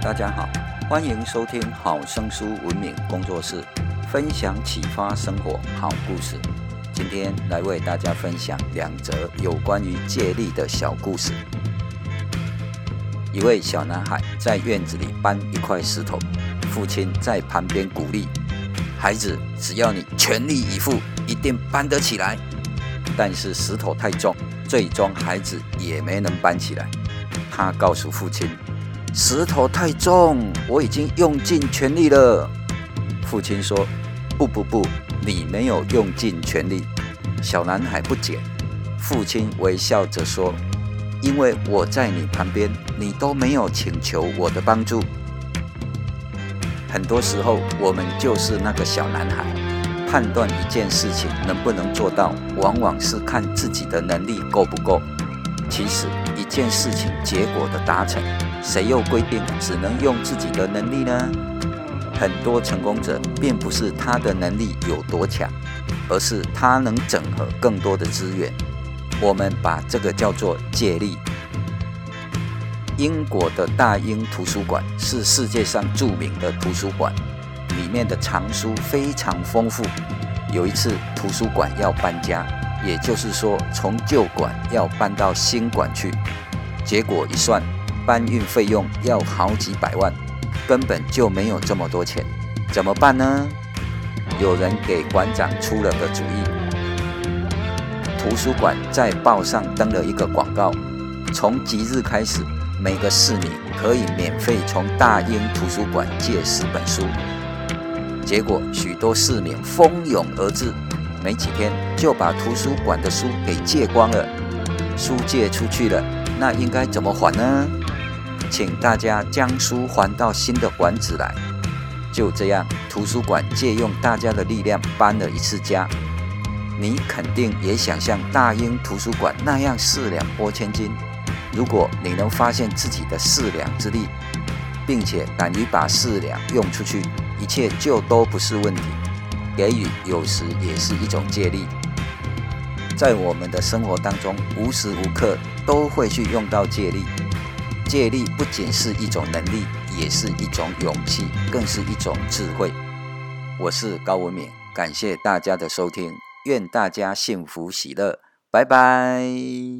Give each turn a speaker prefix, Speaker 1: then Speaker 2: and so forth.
Speaker 1: 大家好，歡迎收聽好生書文明工作室，分享啟發生活好故事。今天來為大家分享兩則有關於借力的小故事。一位小男孩在院子裡搬一塊石頭，父親在旁邊鼓勵：“孩子，只要你全力以赴，一定搬得起來。”但是石頭太重，最終孩子也沒能搬起來。他告訴父親。石頭太重，我已經用盡全力了。父親說：“不不不，你沒有用盡全力。”小男孩不解，父親微笑着說：“因為我在你旁邊，你都沒有請求我的幫助。”很多時候，我們就是那個小男孩，判斷一件事情能不能做到，往往是看自己的能力夠不夠。其實，一件事情結果的達成，誰又規定只能用自己的能力呢？很多成功者並不是他的能力有多強，而是他能整合更多的資源。我們把這個叫做借力。英國的大英圖書館是世界上著名的圖書館，裡面的藏書非常豐富。有一次，圖書館要搬家。也就是說，從舊館要搬到新館去，結果一算，搬運費用要好幾百萬，根本就沒有這麼多錢，怎麼辦呢？有人給館長出了個主意：圖書館在報上登了一個廣告，從即日開始，每個市民可以免費從大英圖書館借十本書。結果許多市民蜂擁而至。沒幾天就把圖書館的書給借光了，書借出去了，那應該怎麼還呢？請大家將書還到新的館子來。就這樣，圖書館借用大家的力量搬了一次家。你肯定也想像大英圖書館那樣四兩撥千斤。如果你能發現自己的四兩之力，並且敢於把四兩用出去，一切就都不是問題。給予有時也是一種借力，在我們的生活當中，無時無刻都會去用到借力。借力不僅是一種能力，也是一種勇氣，更是一種智慧。我是高文敏，感謝大家的收聽，願大家幸福喜樂，拜拜。